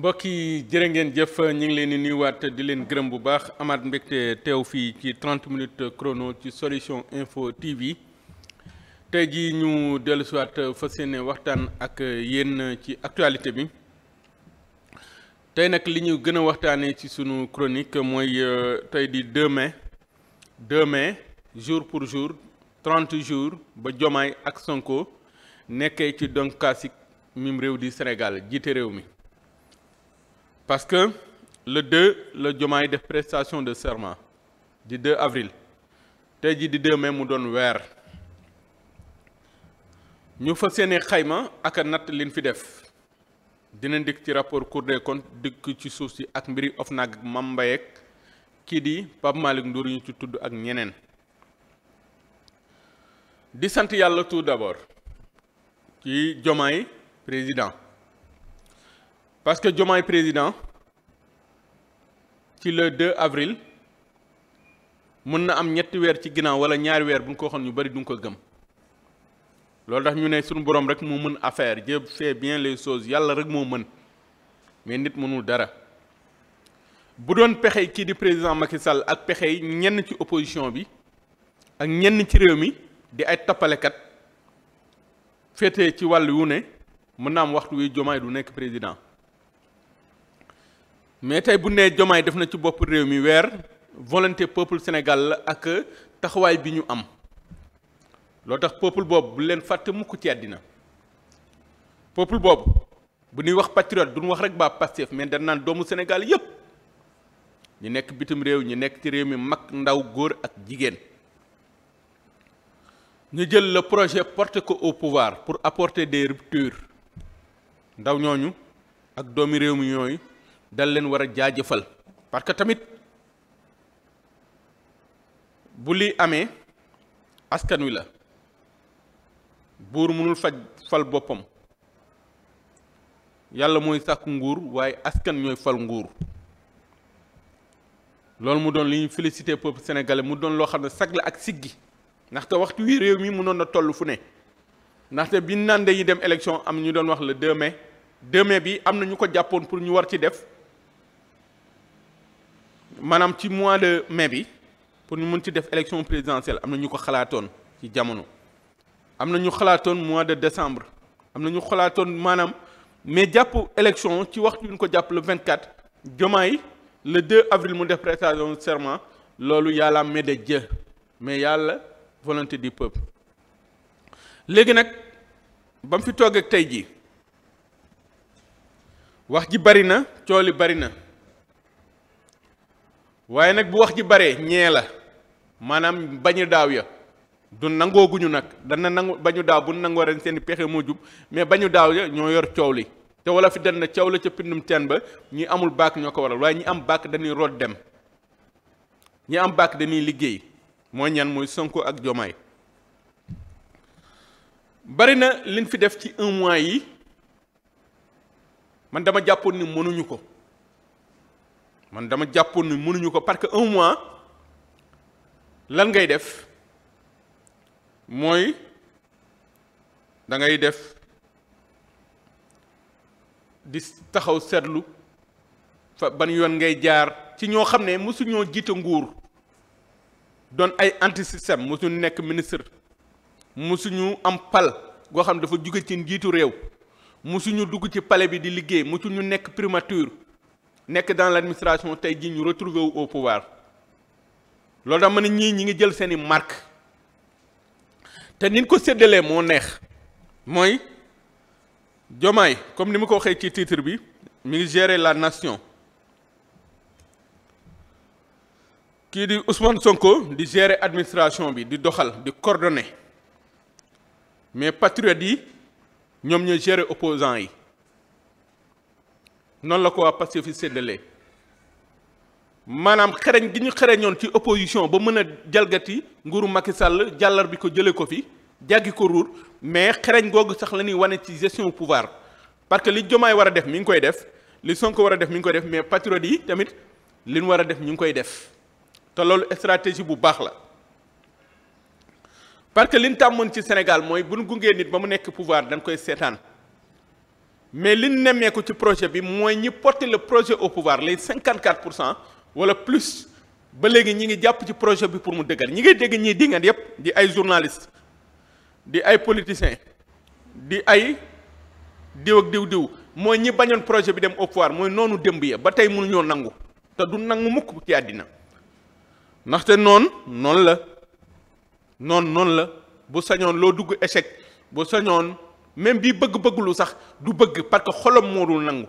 mbokk yi jërë ngeen jëf ñu ngi leen di nuyuwaat di leen gërëm bu baax amaat mbégte teew fii ci 30 minutes chrono ci solution info TV tey jii ñu dellusiwaat fa yéene waxtaan ak yéen ci actualité bi tey nag li ñu gën a waxtaanee ci sunu cronique mooy euh, tey di 2 mai 2 mai jour pour jour 30 jours ba Jomaay ak Sonko nekkee ci donc classique mim réew di Sénégal jiite réew mi. parce que le 2 le Diomaye def prestation de serment di 2 avril tey jii di 2 mais mu doon weer ñu fa yéene xayma ak a natt liñ fi def dina dikk ci rapport Cour de comptes dikk ci suuf si ak mbiri of nag Mame Mbaye kii di Pape Malick Ndour ñu ci tudd ak ñeneen di sant yàlla tout d'abord ci Diomaye président parce que Diomaye président ci le 2 avril mën na am ñetti weer ci ginnaaw wala ñaari weer bu ñu ko waxoon ñu bëri du ñu ko gëm loolu tax ñu ne suñu borom rek moo mën affaire Dieu fait bien les sos yàlla rek moo mën mais nit mënul dara bu doon pexe kii di président Macky Sall ak pexe ñenn ci opposition bi ak ñenn ci réew mi di ay tappalekat féete ci wàll wu ne mën naa am waxtu wi Diomaye du nekk président mais tey bu nee jomaay def na ci bopp réew mi weer volonté peuple Sénégal la ak taxawaay bi ñu am loo tax peuple boobu bu leen fàtte mukk ci àddina peuple boobu bu ñuy wax patriote duñu wax rek ba Pastef mais dañ naan doomu Sénégal yépp ñu nekk bitim réew ñi nekk ci réew mi mag ndaw góor ak jigéen ñu jël la projet porter ko au pouvoir pour apporter des ruptures ndaw ñooñu ak doomi réew mi ñooyu dal leen war a jaajëfal parce que tamit bu li amee askan wi la buur mënul faj fal boppam yàlla mooy sàkku nguur waaye askan ñooy fal nguur loolu mu doon li ñu félicité peuple sénégalais mu doon loo xam ne sag la ak siggi ndaxte waxtu wi réew mi mënoon na toll fu ne ndaxte bi naan dañuy dem élection am ñu doon wax le 2 mai 2 mai bi am na ñu ko jàppoon pour ñu war ci def maanaam ci mois de mais bi pour ñu mën ci def élection présidentielle am na ñu ko xalaatoon ci jamono am na ñu xalaatoon mois de décembre am na ñu xalaatoon maanaam mais jàpp élection ci waxtu bi ñu ko jàpp le 24 Diomaye le 2 avril mu def prestation serment loolu yàlla main de Dieu mais yàlla volonté du peuple léegi nag ba mu fi toog ak tey jii wax ji bari na cooli bari na. waaye nag bu wax ji bare ñee la maanaam bañu daaw ya du nangooguñu guñu nag dana nangu bañu daaw bu nangoo ren seen pexe moo jub mais bañu daaw ya ñoo yor coow li te wala fi dan na coow la ca pindum teen ba ñu amul baak ñoo ko waral waaye ñi am baak dañuy root dem ñi am baak dañuy liggéey mooy ñan mooy Sonko ak Jomaay bari na liñ fi def ci un mois yi man dama jàppoon ni mënuñu ko man dama jàppoon ni mënuñu ko parce que un mois lan ngay def mooy da ngay def di taxaw seetlu fa ban yoon ngay jaar ci ñoo xam ne mosuñoo jiite nguur doon ay anti système mosuñu nekk ministre mosuñu am pal goo xam dafa jóge ci njiitu réew mosuñu dugg ci pale bi di liggéey mosuñu nekk primature nekk dans l' administration tey jii ñu retrouver wu au pouvoir loolu dama ne ñii ñi ngi jël seeni i marque te nin ko séddalee moo neex mooy Diomaye comme ni ma ko waxee ci titre bi mi ngi gérer la nation kii di Ousmane Sonko di gérer administration bi di doxal di coordonner mais patriotes yi ñoom ñooy gérer opposants yi noonu la ko waa Pastef fi séddalee maanaam xereñ gi ñu xereñoon ci opposition ba mën a jalgati nguuru Macky Sall jàllar bi ko jëlee ko fi jàggi ko ruur mais xereñ googu sax la ñuy wane ci gestion pouvoir parce que li Diomaye war a def mi ngi koy def li ko war a def mi ngi koy def mais patriote yi tamit li ñu war a def ñu ngi koy def te loolu stratégie bu baax la parce que li ñu tàmmoon ci Sénégal mooy bu ñu gungee nit ba mu nekk pouvoir dañ koy seetaan. mais li ñu nemmeeku ci projet bi mooy ñi porter le projet au pouvoir les 54 pour cent wala plus ba léegi ñi ngi jàpp ci projet bi pour mu dëgër ñi ngay dégg ñii dingat yépp di ay journaliste di ay politiciens di ay diw ak diw diw mooy ñi bañoon projet bi dem au pouvoir mooy noonu démb ya ba tey mënuñoo nangu te du nangu mukk ci àddina ndaxte noonu noonu la noonu noonu la bu sañoon loo dugg échec bu sañoon même bii bëgg-bëgg lu sax du bëgg parce que xolam moo dul nangu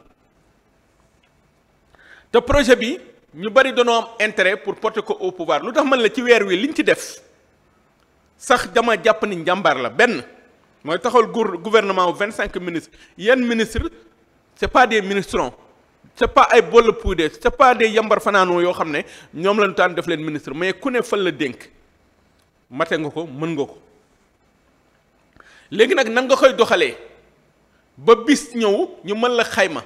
te projet bi ñu bari danoo am intérêt pour porter ko au pouvoir lu tax man la ci weer wi liñ ci def sax dama jàpp ni njàmbaar la benn mooy taxawal gur gouvernement vingt cinq ministres yenn ministre c'est pas des ministrons c'est pas ay boll puudee c'est pas des yambar fanaanoo yoo xam ne ñoom lañu taan def leen ministre mais ku ne fan la dénk mate nga ko mën nga ko léegi nag nan nga koy doxalee ba bis ñëw ñu mën la xayma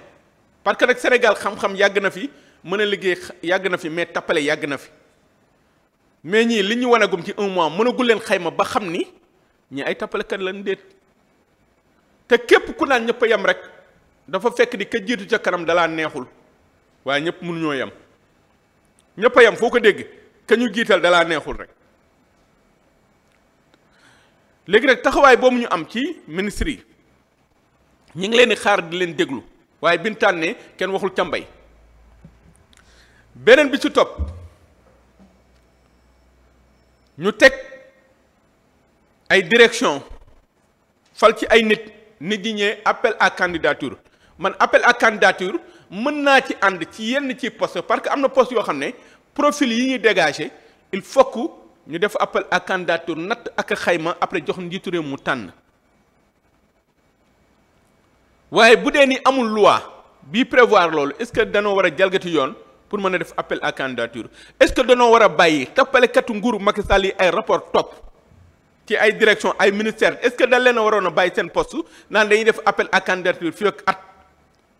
parce que nag Sénégal xam-xam yàgg na fi mën a liggéey yàgg na fi mais tappale yàgg na fi mais ñii li ñu wanagum ci un mois mënagul leen xayma ba xam ni ñi ay tappalekat lañ déet te képp ku naan ñëpp a yem rek dafa fekk di ka jiitu ca kanam dalaa neexul waaye ñëpp mënuñoo yem ñëpp a yem foo ko dégg ka ñu jiital dalaa neexul rek léegi nag taxawaay boobu ñu am ci ministre yi ñu ngi leen di xaar di leen déglu waaye bin kenn waxul càmbay beneen bi ci topp ñu teg ay direction fal ci ay nit nit ñi ñee appel à candidature man appel à candidature mën naa ci ànd ci yenn ci poste parce que am na post yoo xam ne profil yi ñuy dégagé il faut que ñu def appel ak candidature natt ak xayma après jox njiitu réew mu tànn waaye bu dee nii amul loi bii prévoir loolu est-ce que danoo war a jalgati yoon pour mën a def appel à candidature est-ce que danoo war a bàyyi tappalekatu nguuru Macky Sall yi ay rapport topp ci ay direction ay ministère est-ce que da leen a waroon a bàyyi seen poste naan dañuy def appel à candidature fii ak at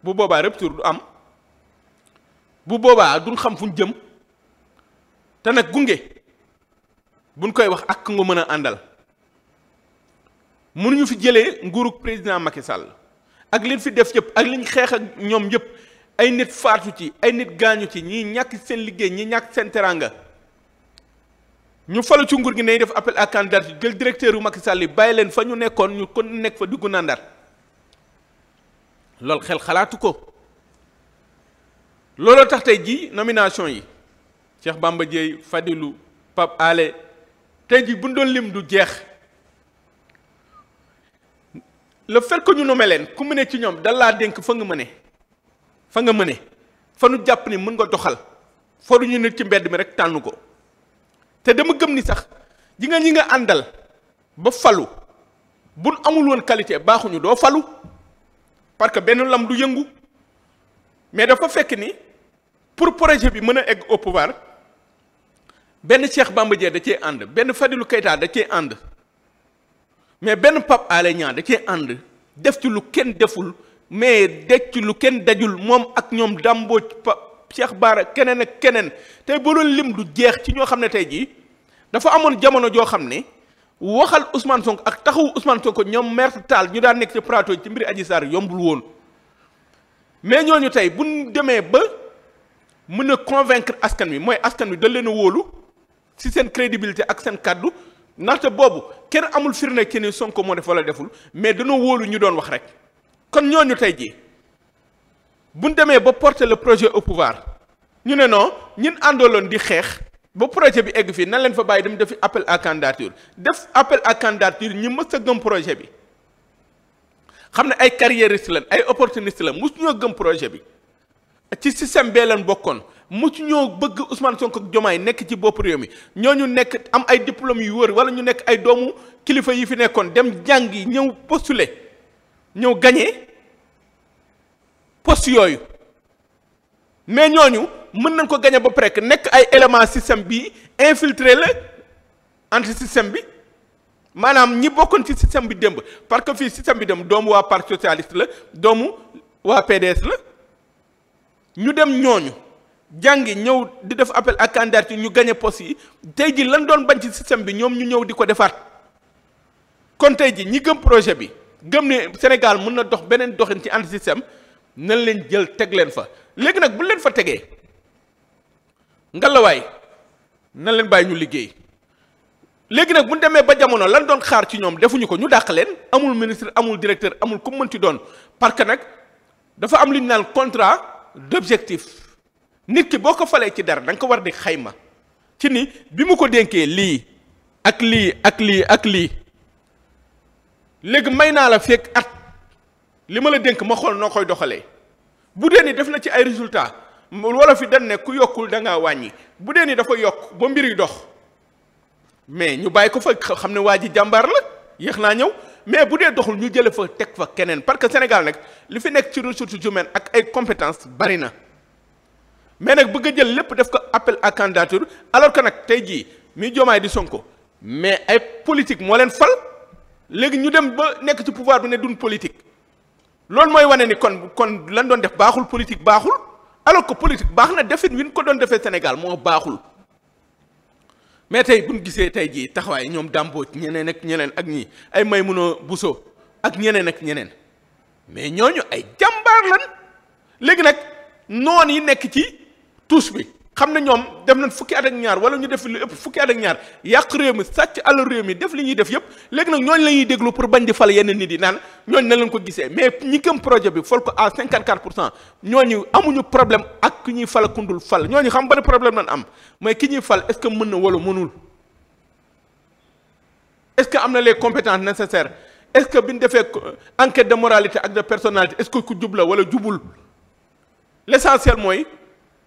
bu boobaa rupture du am bu boobaa duñ xam fu ñu jëm te nag gunge. buñ koy wax ak nga mën a àndal mënuñu fi jëlee nguurug président Macky Sall ak liñ fi def yëpp ak liñ xeex ak ñoom yëpp ay nit faatu ci ay nit gaañu ci ñi ñàkk seen liggéey ñii ñàkk seen teranga ñu falu ci nguur gi nay def appel à candidature jël directeur yu Macky Sall yi bàyyi leen fa ñu nekkoon ñu kon nekk fa diggu nàndar loolu xel xalaatu ko looloo tax tey jii nomination yi Cheikh Bamba Dièye Fadilou Pape Alé tey jii bu ñu doon lim du jeex le fait ñu nommé leen ku mu ci ñoom dal laa dénk fa nga mëne fa nga mëne fa nu jàpp ni mën nga doxal foofu ñu nit ci mbedd mi rek tànn ko te dama gëm ni sax ji nga ñi nga àndal ba falu bu nu amul woon qualité baaxuñu doo falu parce que benn lam du yëngu mais dafa fekk ni pour projet bi mën a egg au pouvoir benn Cheikh Bamba Dieng da cee ànd benn Fadilou Keita da cee ànd mais benn Pape Alé da cee ànd def ci lu kenn deful mais def ci lu kenn dajul moom ak ñoom Dambo Pa Cheikh Bara keneen ak keneen tey boo doon lim du jeex ci ñoo xam ne tey jii dafa amoon jamono joo xam ne waxal Ousmane Sonko ak taxawu usman Sonko ñoom Maître Tall ñu daan nekk ci plateau ci mbiri Adji Sarr yombul woon mais ñooñu tey bu ñu demee ba mën a convaincre askan wi mooy askan wi da leen a wóolu. si seen crédibilité ak seen kàddu ndaxte boobu kenn amul firnde ci ni Sonko moo def wala deful mais dañoo wóolu ñu doon wax rek kon ñooñu tey jii buñ demee ba porter le projet au pouvoir ñu ne noo ñun àndaloon di xeex ba projet bi egg fii nan leen fa bàyyi dem defi appel à candidature def appel à candidature ñu mës a gëm projet bi xam ne ay carriériste lañ ay opportuniste lañ mës ñoo gëm projet bi ci système bee leen bokkoon. mucc ñoo bëgg Ousmane sonk ak yi nekk ci bopp réew mi ñooñu nekk am ay diplôme yu wër wala ñu nekk ay doomu kilifa yi fi nekkoon dem jàngi ñëw postule ñëw gagné post yooyu mais ñoo ñooñu mën nañ ko gagné ba pare nekk ay élément système bi infiltré la anti système bi maanaam ñi bokkoon ci système bi démb parce que fii système bi dem doomu waa parti socialiste la doomu waa PDS la ñu dem ñooñu. jàngi ñëw di def appel à candidature ñu gagné poste yi tey ji lan doon bañ ci système bi ñoom ñu ñëw di ko defaat kon tey ji ñi gëm projet bi gëm ne Sénégal mën na dox beneen doxin ci anti système nan leen jël teg leen fa léegi nag bu leen fa tegee ngalawaay nan leen bàyyi ñu liggéey léegi nag bu ñu demee ba jamono lan doon xaar ci ñoom defuñu ko ñu dàq leen amul ministre amul directeur amul ku mënti doon parce que nag dafa am lu ñu naan contrat d'objectif nit ki boo ko falee ci dara da nga ko war di xayma ci ni bi mu ko dénkee lii ak lii ak lii ak lii léegi may naa la fekk at li ma la dénk ma xool noo koy doxalee bu dee ni def na ci ay résultat wala fi dañ ne ku yokkul da ngaa wàññi bu dee ni dafa yokk ba mbir yi dox mais ñu bàyyi ko fa xam ne waa ji jàmbaar la yéex naa ñëw mais bu dee doxul ñu jële fa teg fa keneen parce que Sénégal nag li fi nekk ci ressources humaines ak ay compétences bari na. mais nag bëgg a jël lépp def ko appel à candidature alors que nag tey jii mi Diomaye di Sonko mais ay politique moo leen fal léegi ñu dem ba nekk ci pouvoir bi ne dun politique loolu mooy wane ni kon kon lan doon def baaxul politique baaxul alors que politique baax na defit wi nu ko doon defee Sénégal moo baaxul mais tey bu ñu gisee tey jii taxawaay ñoom dàmboo ñeneen ak ñeneen ak ñii ay may Maymouna Bousso ak ñeneen ak ñeneen mais ñooñu ay jàmbaar lan léegi nag noon yi nekk ci tous bi xam na ñoom dem nañ fukki at ñaar wala ñu def lu ëpp fukki at ak ñaar yàq réew mi sàcc alal réew mi def li ñuy def yëpp léegi nag ñooñu la ñuy déglu pour bañ di fal yenn nit yi naan ñooñu na leen ko gisee mais ñi gëm projet bi fal ko à 54 pour cent ñooñu amuñu problème ak ki ñuy fal kundul fal ñooñu xam ban problème lañ am mooy ki ñuy fal est-ce que mën na wala mënul est-ce que am na les compétences nécessaires est-ce que bi ñu defee enquête de moralité ak de personnalité est-ce que wala jubul l'essentiel mooy.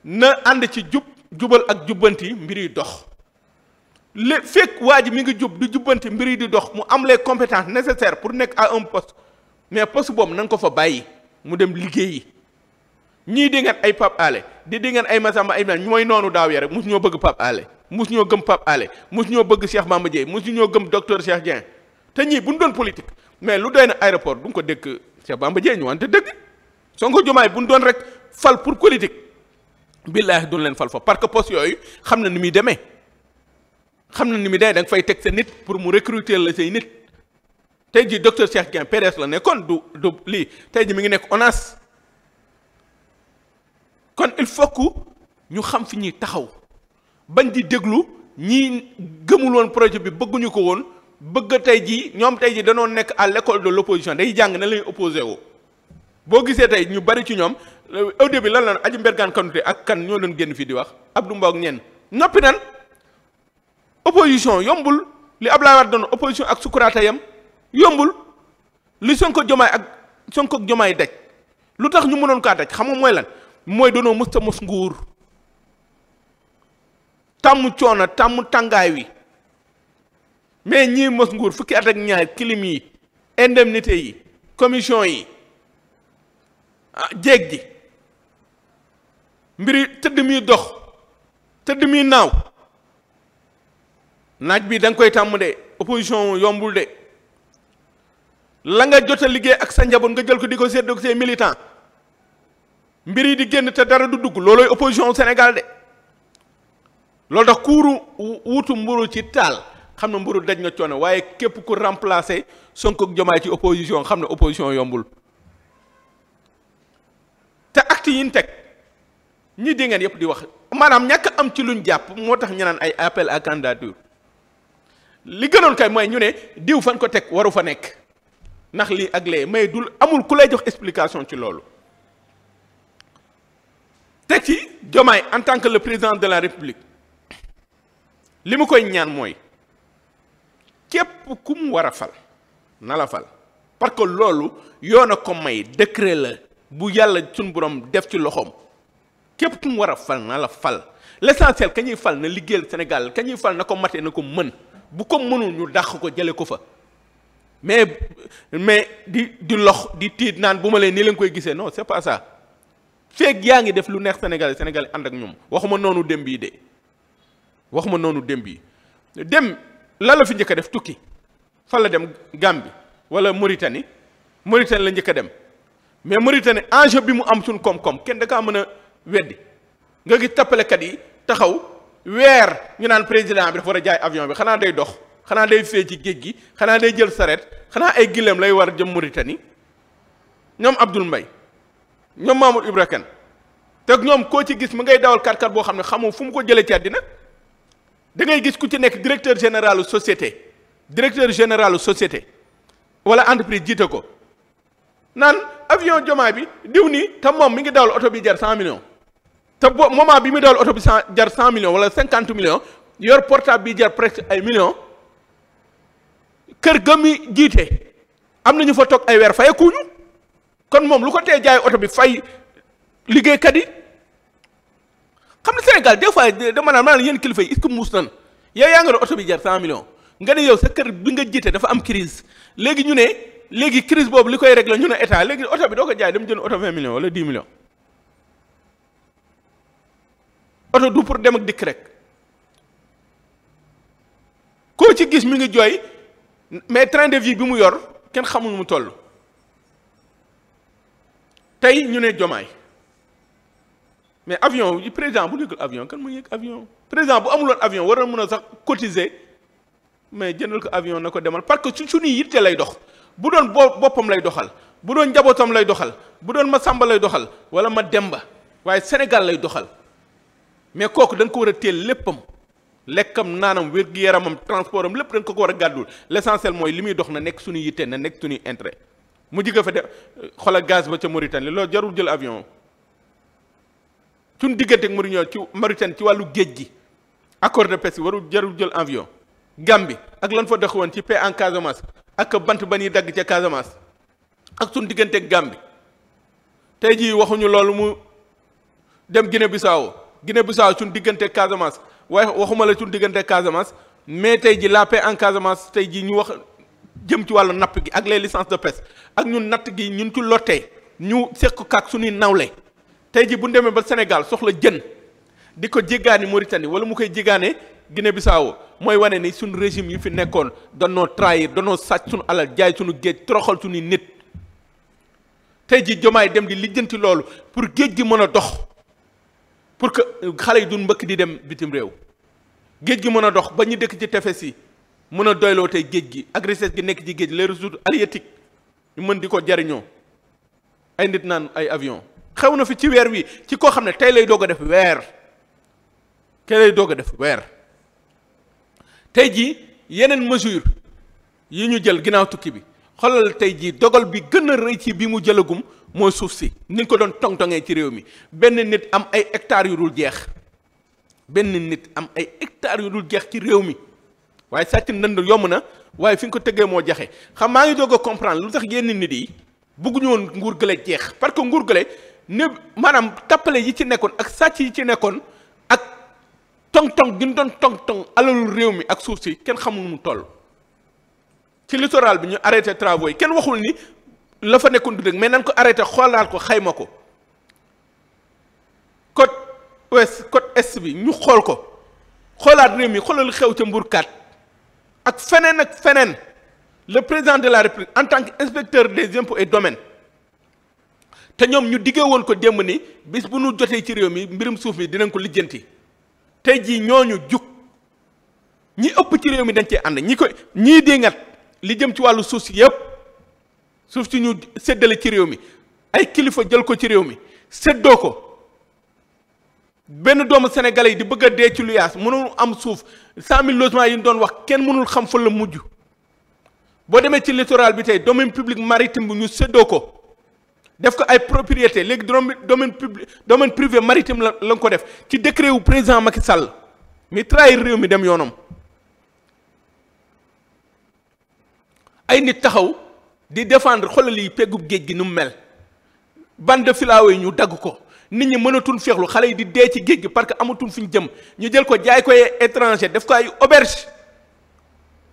na ànd ci jub jubal ak jubbanti mbir yi dox li fekk waa ji mi ngi jub di jubbanti mbir yi di dox mu am lee compétence nécessaires pour nekk à un post mais post boobu na nga ko fa bàyyi mu dem liggéeyi ñii di ngeen ay Pape Alé di di ngeen ay Massamba ay ñu mooy noonu daaw ya rek mus ñoo bëgg Pape Alé mus ñoo gëm Pape Alé su ñoo bëgg Cheikh Bamba Dièye mus ñoo gëm docteur Cheikh Dieng te ñii bu ñu doon politique mais lu doy na aéroport du nga ko dëkk Cheikh Bamba Dièye ñu wante dëgg Sonko Diomaye bu ñu doon rek fal pour politique. billaahi duñ leen fal fa parce que poste yooyu xam na ni muy demee xam na ni muy demee da nga fay teg sa nit pour mu recruter la say nit tey ji docteur Cheikh Dieng PDS la nekkoon du du lii tey ji mi ngi nekk ONAS kon il faut que ñu xam fi ñuy taxaw bañ di déglu ñi gëmul woon projet bi bëgguñu ko woon bëgg tey ji ñoom tey ji danoo nekk à l'école de l'opposition day jàng na lañuy opposé woo boo gisee tey ñu bari ci ñoom au bi lan lan aji mbergaan kanute ak kan ñoo leen génn fii di wax Abdou Mbow ak ñenn noppi nan opposition yombul li Ablaye Wade doon opposition ak sukuraata yam yombul li Sonko jomaay ak Sonko ak jomaay daj lu tax ñu mënoon kaa daj xam mooy lan mooy doonoo mës ta mos nguur tàmm coono tàmm tàngaay wi mais ñii mos nguur fukki at ak ñaar kilim yi indemnité yi commission yi ah ji mbiri tëdd muy dox tëdd muy naaw naaj bi da nga koy tàmm de opposition yombul de la nga jot a liggéey ak sa njaboot nga jël ko di ko séddoo ak say militant mbir yi di génn te dara du dugg loolooy opposition Sénégal de loolu tax kuuru wutu mburu ci taal xam ne mburu daj nga coono waaye képp ku remplacer Sonko ak Diomaye ci opposition xam ne opposition yombul te acte yi ñu teg. ñi di ngeen yëpp di wax maanaam ñàkk am ci luñ jàpp moo tax ñu naan ay appel à li gënoon kay mooy ñu ne diw fan ko teg waru fa nekk ndax lii ak lee mais dul amul ku lay jox explication ci loolu teg ci Diomaye en tant que le président de la République li mu koy ñaan mooy képp ku mu war a fal na la fal parce que loolu yoon a ko may décret la bu yàlla sun borom def ci loxoom képp ku mu war a fal na la fal l'essentiel ka ñuy fal na liggéeyal Sénégal ka ñuy fal na ko matee na ko mën bu ko mënul ñu dàq ko jële ko fa mais mais di di lox di tiit naan bu ma leen nii leen koy gisee non c'est pas ça feeg yaa ngi def lu neex Sénégal Sénégal ànd ak ñoom waxuma noonu dem bii de waxuma noonu dem bii dem la la fi njëkk a def tukki fan la dem Gambie wala Mauritanie Mauritanie la njëkk a dem mais Mauritanie enjeu bi mu am suñ koom kenn da kaa mën a weddi nga gis tappalekat yi taxaw weer ñu naan président bi dafa war a jaay avion bi xanaa day dox xanaa day fee ci géej gi xanaa day jël saret xanaa ay gileem lay war jëm Mauritanie ñoom Abdoul mbay ñoom Mamour Ibra Kane te ñoom koo ci gis mu ngay dawal kàr kàr boo xam ne xamoo fu mu ko jëlee ci àddina da ngay gis ku ci nekk directeur général société directeur général société wala entreprise jiite ko naan avion jomaay bi diw nii te moom mi ngi dawal oto bi jar cent millions. te bo moment bi mu dawal oto bi cent jar cent millions wala cinquante millions yor portable bi jar presque ay millions kër ga mi jiite am na ñu fa toog ay weer fayekuñu kon moom lu ko tee jaay oto bi fay liggéeykat yi yi est-ce que oto bi jar cent millions nga ne yow sa kër bi nga jiite dafa am crise léegi ñu ne léegi crise boobu li koy réglé ñu ne état léegi oto bi doo ko jaay dem jënd oto vingt millions wala dix millions. oto du pour dem ak dikk rek koo ci gis mi ngi jooy mais train de vie bi mu yor kenn xamul mu toll tey ñu ne jomaay mais avion yi président bu nekkul avion kan mu yëg avion président bu amuloon avion war mën a sax cotiser mais jëndal ko avion na ko demal parce que su suñuy yitte lay dox bu doon bo boppam lay doxal bu doon njabootam lay doxal bu doon ma sàmba lay doxal wala ma demba waaye Sénégal lay doxal mais kooku danga ko war a téel léppam lekkam naanam wér-gu-yaramam transportam lépp da ko ko war a gàddul l'essentiel mooy li muy dox na nekk suñu yitte na nekk suñuy intérêt mu jige fa de a gaz ba ca Mauritanie loolu jarul jël avion suñu diggante ak Mauritanie ci Mauritanie ci wàllu géej gi accord de paix yi warul jarul jël avion Gambie ak lan fa dox woon ci paix en Casamance ak bant ba ñuy dagg ca Casamance ak suñu diggante ak Gambie tey jii waxuñu loolu mu dem Guinée Bissau Guinée Bissau suñ diggante Casamance waaye waxuma la suñ diggante Casamance mais tey ji la paix en Casamance tey ji ñu wax jëm ci wàllu napp gi ak les licences de pêche ak ñun natt gi ñun ci lottee ñu sekk kaak suñuy nawle tey ji bu ñu demee ba Sénégal soxla jën di ko jéggaani Mauritanie wala mu koy jéggaane Guinée Bissau mooy wane ni suñu régime yi fi nekkoon danoo trahir danoo sàcc suñu alal jaay suñu géej toroxal suñuy nit tey ji jomaay dem di lijjanti loolu pour géej gi mën a dox pour que xale yi duñ mbëkk di dem bitim réew géej gi mën a dox ba ñu dëkk ci tefes yi mën a doyloo tey géej gi ak gi nekk ci géej les ressources halieutiques ñu mën di ko jariñoo ay nit naan ay avion xew na fi ci weer wi ci koo xam ne tey lay doog def weer tey lay doog def weer tey jii yeneen mesure yi ñu jël ginnaaw tukki bi xoolal tey jii dogal bi gën a rëy ci bi mu jëlagum mooy suuf si ni ko doon tong-tongee ci réew mi benn nit am ay hectares yu dul jeex benn nit am ay hectares yu dul jeex ci réew mi waaye sàcc ndënd yomb na waaye fi nga ko tëggee moo jaxe xam maa ngi doog a comprendre lu tax yenn nit yi bëgguñu woon nguur gële jeex parce que nguur gële ne maanaam tappale yi ci nekkoon ak sàcc yi ci nekkoon ak tong-tong gi ñu doon tong-tong alalul réew mi ak suuf si kenn xamul mu toll ci littoral bi ñu arrêté travaux yi kenn waxul ni la fa nekkoon du dëgg mais nan ko arrêté xoolaal ko xayma ko côte ouest côte est bi ñu xool ko xoolaat réew mi xoolal xew ca Mbourkat ak feneen ak feneen le président de la république en tant que inspecteur des impôts et domaines te ñoom ñu diggee woon ko démb ni bis bu nu jotee ci réew mi mbirum suuf mi dinañ ko lijjanti tey jii ñooñu jug ñi ëpp ci réew mi dañ cee ànd ñi ko ñii di ngat li jëm ci wàllu suuf si yëpp. suuf si ñu séddale ci réew mi ay kilifa jël ko ci réew mi seddoo ko benn doomu sénégalais yi di bëgg dee ci luyaas mënul am suuf cent mille yi ñu doon wax kenn mënul xam fa la mujj boo demee ci littoral bi tey domaine public maritime bi ñu séddoo ko def ko ay propriété léegi domaine public domaine privé maritime la la nga ko def ci décret wu président Macky Sall mi trahir réew mi dem yoonam ay nit taxaw di défendre xoolal lii peggub géej gi nu mu mel bande filaawe ñu dagg ko nit ñi mënatul féexlu xale yi di dee ci géej gi parce que amatul fu ñu jëm ñu jël ko jaay ko étranger def ko ay auberge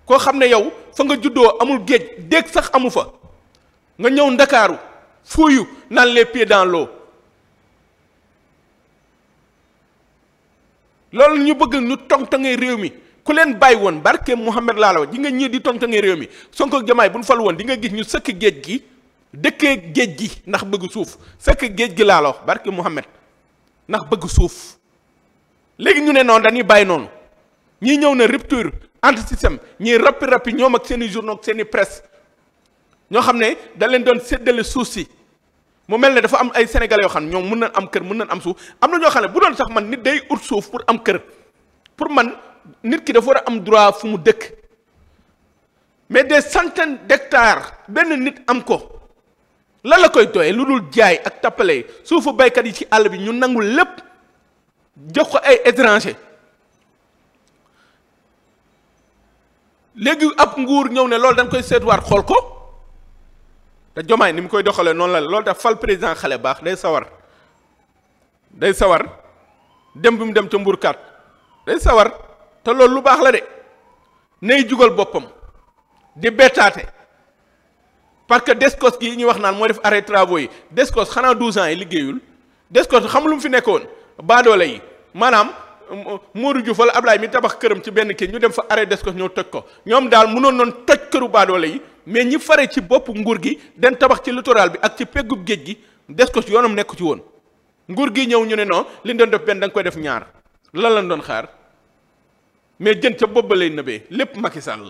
koo xam ne yow fa nga juddoo amul géej dégg sax amu fa nga ñëw ndakaaru fuuyu naan les pieds dans loolu ñu bëgg ñu tong tongee réew mi ku leen bàyyi woon barke Mouhamed Lalaw di nga ñii di tonkangee réew mi Sonko ak Diomaye bu ñu fal woon di nga gis ñu sëkk géej gi dëkkee géej gi ndax bëgg suuf sëkk géej gi laala barke Mouhamed ndax bëgg suuf léegi ñu ne noonu dañuy bàyyi noonu ñii ñëw na rupture anti système ñii rappi rappi ñoom ak seen i journaux ak seen i presse ñoo xam ne da leen doon séddale suuf si mu mel ne dafa am ay sénégalais yoo xam ne ñoom mun nañ am kër mun nañ am suuf am na ñoo xam ne bu doon sax man nit day ut suuf pour am kër nit ki dafa war a am droit fu mu dëkk mais des centaines d'hectares benn nit am ko lan la koy doyee lu dul jaay ak tappale suufu baykat yi ci àll bi ñu nangul lépp jox ko ay étranger léegi ab nguur ñëw ne loolu dañ koy seetuwaat xool ko te jomaay ni mu koy doxalee noonu la loolu tax fal président xale baax day sawar day sawar dem bi mu dem ca mburkat day sawar te loolu lu baax la de nay jugal boppam di bettaate parce que Descos gi ñuy wax naan moo def arrêt travaux yi Descos xanaa 12 ans yi liggéeyul Descos xam lu mu fi nekkoon baadoole yi maanaam Modou Diouf wala Ablaye mi tabax këram ci benn kii ñu dem fa arrêt Descos ñëw toj ko ñoom daal mënoon noon toj këru baadoole yi mais ñi fare ci bopp nguur gi den tabax ci littoral bi ak ci peggub géej gi Descos yoonam nekku ci woon nguur gi ñëw ñu ne non li ñu doon benn da koy def ñaar lan lañ doon xaar. mais jën ca bopp ba lay nëbee lépp Macky Sall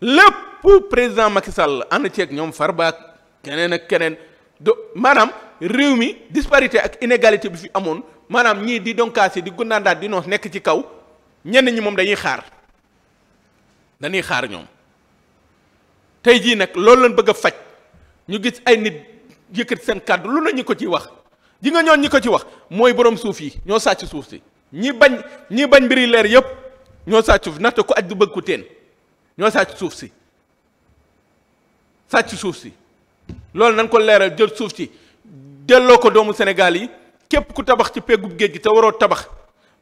la lépp président Macky Sall la ànd ceeg ñoom Farba ak keneen ak keneen do maanaam réew mi disparité ak inégalité bi fi amoon maanaam ñii di donkaase di gundaandaat di noo nekk ci kaw ñenn ñi moom dañuy xaar dañuy xaar ñoom tey jii nag loolu lañ bëgg a faj ñu gis ay nit yëkkat seen kàddu lu na ñi ko ci wax ji nga ñoon ñi ko ci wax mooy borom suuf yi ñoo sàcc suuf si. ñi bañ ñi bañ mbiri leer yëpp ñoo sàcc suuf ndaxte ku aj ku teen ñoo sàcc suuf si sàcc suuf si loolu nañ ko leeral jël suuf si delloo ko doomu Sénégal yi képp ku tabax ci peggub géej gi te waroo tabax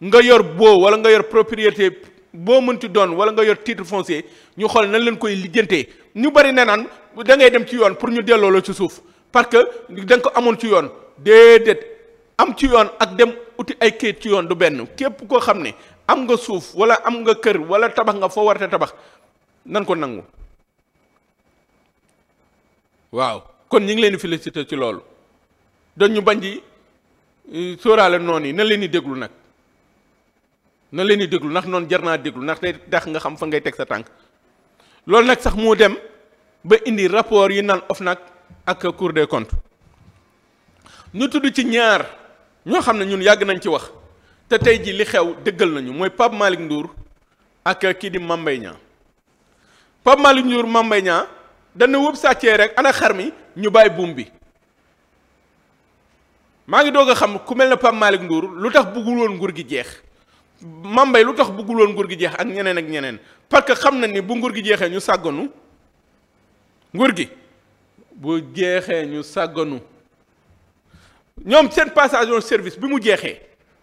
nga yor boo wala nga yor propriété boo mënti doon wala nga yor titre foncier ñu xool nañ leen koy lijjantee ñu bari ne naan da ngay dem ci yoon pour ñu delloo la ci suuf parce que da ko amoon ci yoon déedéet am ci yoon ak dem uti ay kayit ci yoon du benn képp koo xam ne am nga suuf wala am nga kër wala tabax nga foo warte tabax nan ko nangu waaw kon ñu ngi leen di félicité ci loolu doon bañ di eh, sóoraale noonu yi na leen di déglu nag na leen di déglu ndax noonu jar naa déglu ndax day tax nga xam fa ngay teg sa tànk loolu nag sax moo dem ba indi rapport yi of nag ak Cour des comptes ñu tudd ci ñaar ñoo xam ne ñun yàgg nañ ci wax te tey ji li xew dëggal nañu mooy Pape Malick Ndour ak kii di Mame Mbaye Niang Pape Malick Ndour Mame Mbaye dana wëb sàccee rek ana xar mi ñu bàyyi buum bi maa ngi doog a xam ku mel ne Pape Malick Ndour lu tax buggul nguur gi jeex Mame Mbaye lu tax buggul nguur gi jeex ak ñeneen ak ñeneen parce que xam na ni bu nguur gi jeexee ñu sàgganu nguur gi bu jeexee ñu sàgganu ñoom seen passage au service bi mu jeexee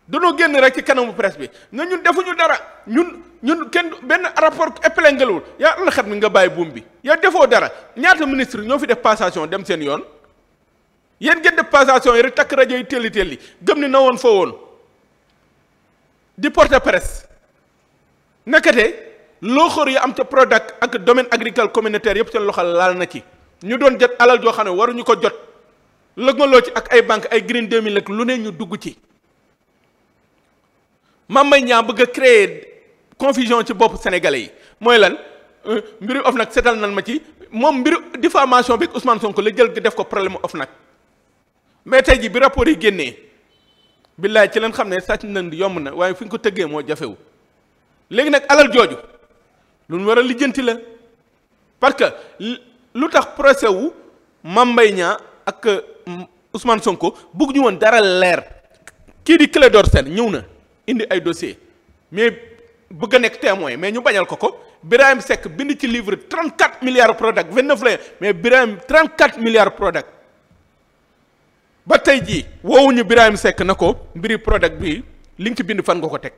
du dañoo génn rek ci kanamu presse bi nga ñun defu ñu dara ñun ñun kenn benn rapport épinglewul yaa na xat mi nga bàyyi buum bi yow defoo dara ñaata ministre ñoo fi def passation dem seen yoon yéen ngeen def passation yi rek takk rajo yi telli telli gëm ni na woon fa woon di porte presse nakate looxoor yi am ca Prodac ak domaine agricole communautaire yëpp seen loxo laal na ci ñu doon jot alal joo xam ne waruñu ko jot lëkkaloo ci ak ay banque ay green 2000 ak lu ne ñu dugg ci Mame Mbaye Niang bëgg a créer confusion ci bopp sénégalais yi mooy lan euh, mbiru OFNAC seetal na ma ci moom mbiru diffamation bi Ousmane Sonko la jël gi def ko problème OFNAC mais tey ji bi rapport yi génnee billaay ci leen xam ne sàcc nañ yomb na waaye fi ñu ko tëggee moo jafewu léegi nag alal jooju lu ñu war a lijjanti la parce que lu tax procès wu Mame ak mm, Ousmane Sonko bëgg ñu woon dara leer kii di Clédor Sène ñëw na indi ay dossier mais bëgg a nekk yi mais ñu bañal ko ko Birahim sekk bind ci livre 34 milliards Prodac 29 la mais Birahim 34 milliards Prodac ba tey jii woowuñu Birahim sekk na ko mbiri Prodac bi li nga ci bind fan nga ko teg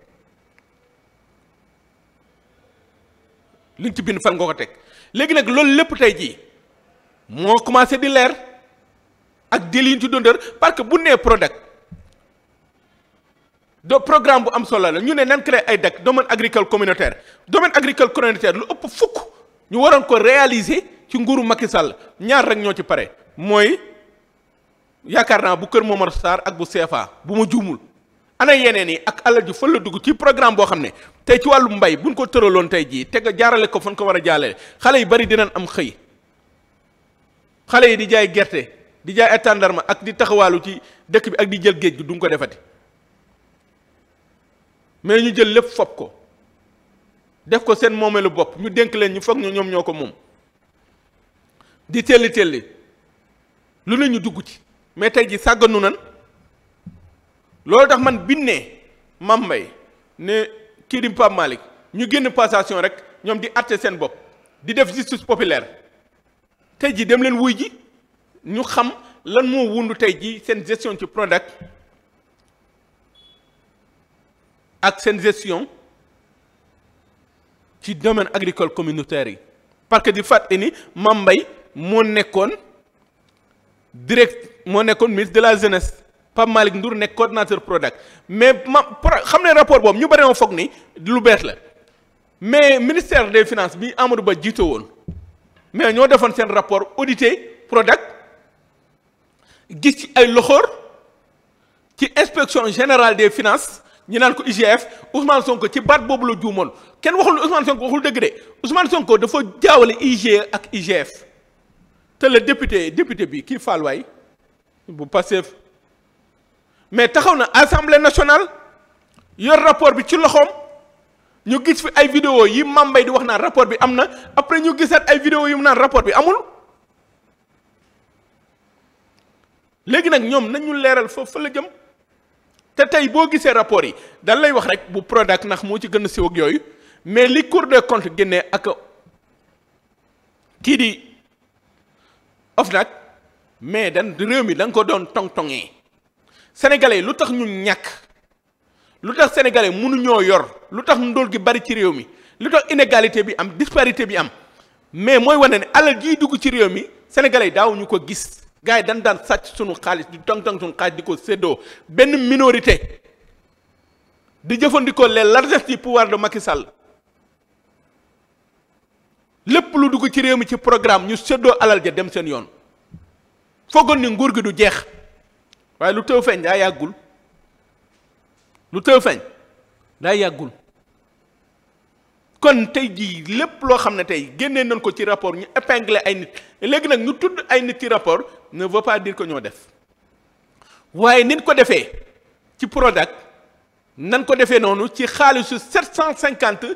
li ci bind fan nga ko teg léegi nag loolu lépp tey jii moo commencé di leer. ak délai ñu ci doon parce que bu nee Prodac do programme bu am solo la ñu ne nan créé ay DAC domaine agricole communautaire domaine agricole communautaire lu ëpp fukk ñu waroon ko réaliser ci nguuru Macky sàll ñaar rek ñoo ci pare mooy yaakaar naa bu Kër Momar saar ak bu CFA bu ma juumul ana yeneen yi ak alal ji fan la dugg ci programme boo xam ne tey ci wàllu mbay bu buñ ko tëraloon tey jii te nga jaarale ko fan ko war a jaarale xale yu bari dinañ am xëy xale yi di jaay gerte. di jaay ay tàndarma ak di taxawaalu ci dëkk bi ak di jël géej gi duñ ko defati mais ñu jël lépp fob ko def ko seen moomeelu bopp ñu dénk leen ñu foog ñu ñoom ñoo ko moom di telli telli lu ne ñu dugg ci mais tey ji sàgganu nan loolu tax man binnee Mame Mbaye ne kii di Pape Malick ñu génn passation rek ñoom di àtte seen bopp di def justice populaire tey ji dem leen wuy ji ñu xam lan moo wundu tey jii seen gestion ci Prodac ak seen gestion ci domaine agricole communautaire yi parce que di fàtte ni ma mbay moo nekkoon direct moo nekkoon ministre de la jeunesse Pape Malick Ndour nekk coordinateur Prodac mais ma xam ne rapport boobu ñu bëri ma foog ni lu bees la mais ministère des finances bi Amadou Ba jiite woon mais ñoo defoon seen rapport audité Prodac gis ci ay loxoor ci inspection général des finance ñu naan ko IGF Ousmane Sonko ci baat boobu la juumoon kenn waxul Ousmane Sonko waxul dëgg de Ousmane Sonko dafa jaawale IG ak IGF te le député député bi kii Falwaay bu Pastef mais taxaw na assemblée nationale yor rapport bi ci loxoom ñu gis fi ay vidéo yi Mame Mbaye di wax naan rapport bi am na après ñu gisaat ay vidéo yu mu naan rapport bi amul. léegi nag ñoom nañu leeral foofu fa la jëm te tey boo gisee rapport yi dan lay wax rek bu Prodac ndax moo ci gën a siw ak yooyu mais li Cour des comptes génnee ak kii di nag mais dan réew mi da nga ko doon tong-tongee sénégalais lu tax ñu ñàkk lu tax sénégalais mënuñoo yor lu tax ndóol gi bari ci réew mi lu tax inégalité bi am disparité bi am mais mooy wane ne alal jiy dugg ci réew mi yi daawuñu ko gis gars yi dañ daan sàcc sunu xaalis di tong-tong sunu xaalis di ko séddoo benn minorité di jëfandikoo les largesses du pouvoir de Macky Sall lépp lu dugg ci réew mi ci programme ñu seddoo alal ja dem seen yoon foogoon ni nguur gi du jeex waaye lu tëw feeñ daa yàggul lu tëw feeñ daa yàggul kon tey jii lépp loo xam ne tey génnee nañ ko ci rapport ñu épinglé ay nit léegi nag ñu tudd ay nit ci rapport ne veut pas dire ñoo def waaye nit ko defee ci Prodac nan ko defee noonu ci xaalisu 750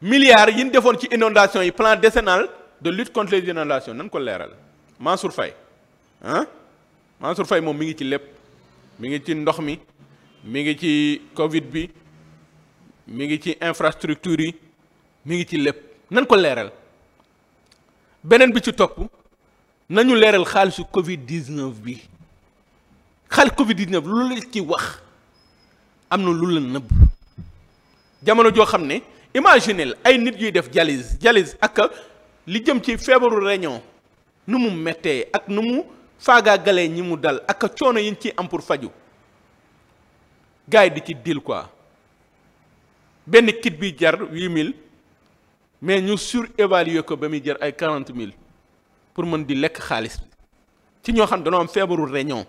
milliards yi ñu defoon ci inondation yi plan desenal de lutte contre les inondations nan ko leeral Mansour fay ah Mansour Faye moom mi ngi ci lépp mu ngi ci ndox mi mi ngi ci Covid bi. mi ngi ci infrastructure yi mi ngi ci lépp nan ko leeral beneen bi ci topp nañu leeral xaalisu Covid 19 bi xaalis Covid 19 lu la ci wax am na lu la nëbb jamono joo xam ne imaginez ay nit yuy def dialyse dialyse ak li jëm ci feebaru réunion nu mu mettee ak nu mu faagaagalee ñi mu dal ak coono yi ñu ciy am pour faju gars yi di ci dil quoi. benn kit bi jar huit mille mais ñu surévaluer ko ba muy jar ay quarante mille pour mën di lekk xaalis bi ci ñoo xam dañoo am feebaru réunion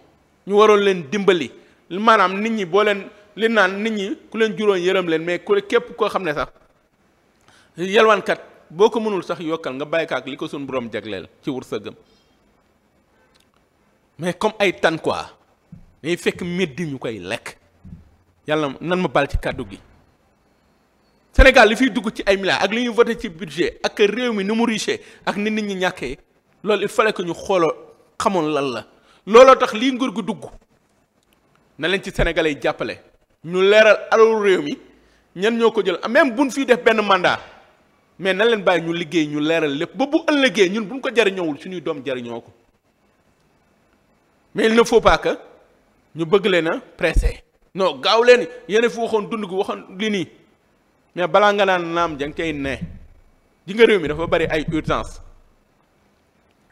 ñu waroon leen dimbali maanaam nit ñi boo leen li naan nit ñi ku leen juróon yërëm leen mais ku képp koo xam ne sax yalwaankat boo ko mënul sax yokkal nga bàyyi ko ak li ko suñu borom jagleel ci sa gëm mais comme ay tan quoi day fekk meddi ñu koy lekk yàlla nan ma bal ci kàddu gi Sénégal li fiy dugg ci ay milliards ak li ñu voté ci budget ak réew mi ni mu riche ak ni nit ñi ñàkkee loolu il fallait ñu xooloo xamoon lan la looloo tax lii nguur gu dugg na leen ci sénégalais yi jàppale ñu leeral alalu réew mi ñen ñoo ko jël même buñ fii def benn mandat mais na leen bàyyi ñu liggéey ñu leeral lépp ba bu ëllëgee ñun buñ ko jariñoowul suñuy doom jariñoo ko mais il ne faut ñu bëgg leen a pressé non gaaw leen yeneen fi waxoon dund gu waxoon mais balaa nga naan naam jang cay ne ji nga réew mi dafa bari ay urgence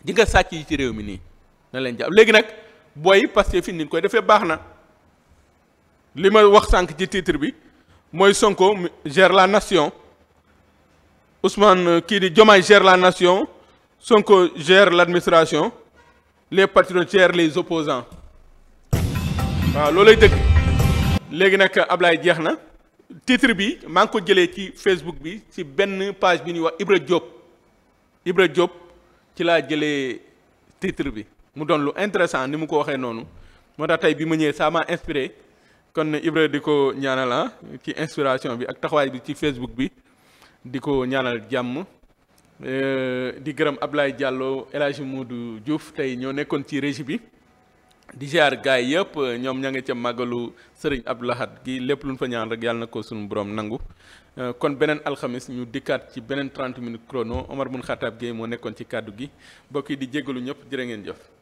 ji nga sàcc yi ci réew mi nii na leen jàpp léegi nag booy Pastef fi nit koy defee baax na li ma wax sànq ci titre bi mooy Sonko gère la nation Ousmane kii di Diomaye gère la nation Sonko gère l'administration les patriotes gèrent les opposants waaw loolu loolay dëgg léegi nag Ablaye jeex na titre bi maa ngi ko jëlee ci Facebook bi ci benn page bi ñuy wax Ibra Diop Ibra Diop ci laa jëlee titre bi mu doon lu intéressant ni mu ko waxee noonu moo tax tey bi ma ñëwee ça m'a inspiré kon Ibra di ko ñaanal ah, ci inspiration bi ak taxawaay bi ci Facebook bi di ko ñaanal jàmm euh, di gërëm Ablaye Diallo El Hadj Modou Diouf tey ñoo nekkoon ci régie bi. di ziar gaay yëpp ñoom ña nga ca màggalu sëriñ ab Lahad gi lépp luñ fa ñaan rek yàlla na ko suñu borom nangu euh, kon beneen alxamis ñu dikkaat ci beneen 30 minutes chrono Omar Bun Xataab Gueye moo nekkoon ci kàddu gi mbokk yi di jégalu ñëpp jërë ngeen jëf.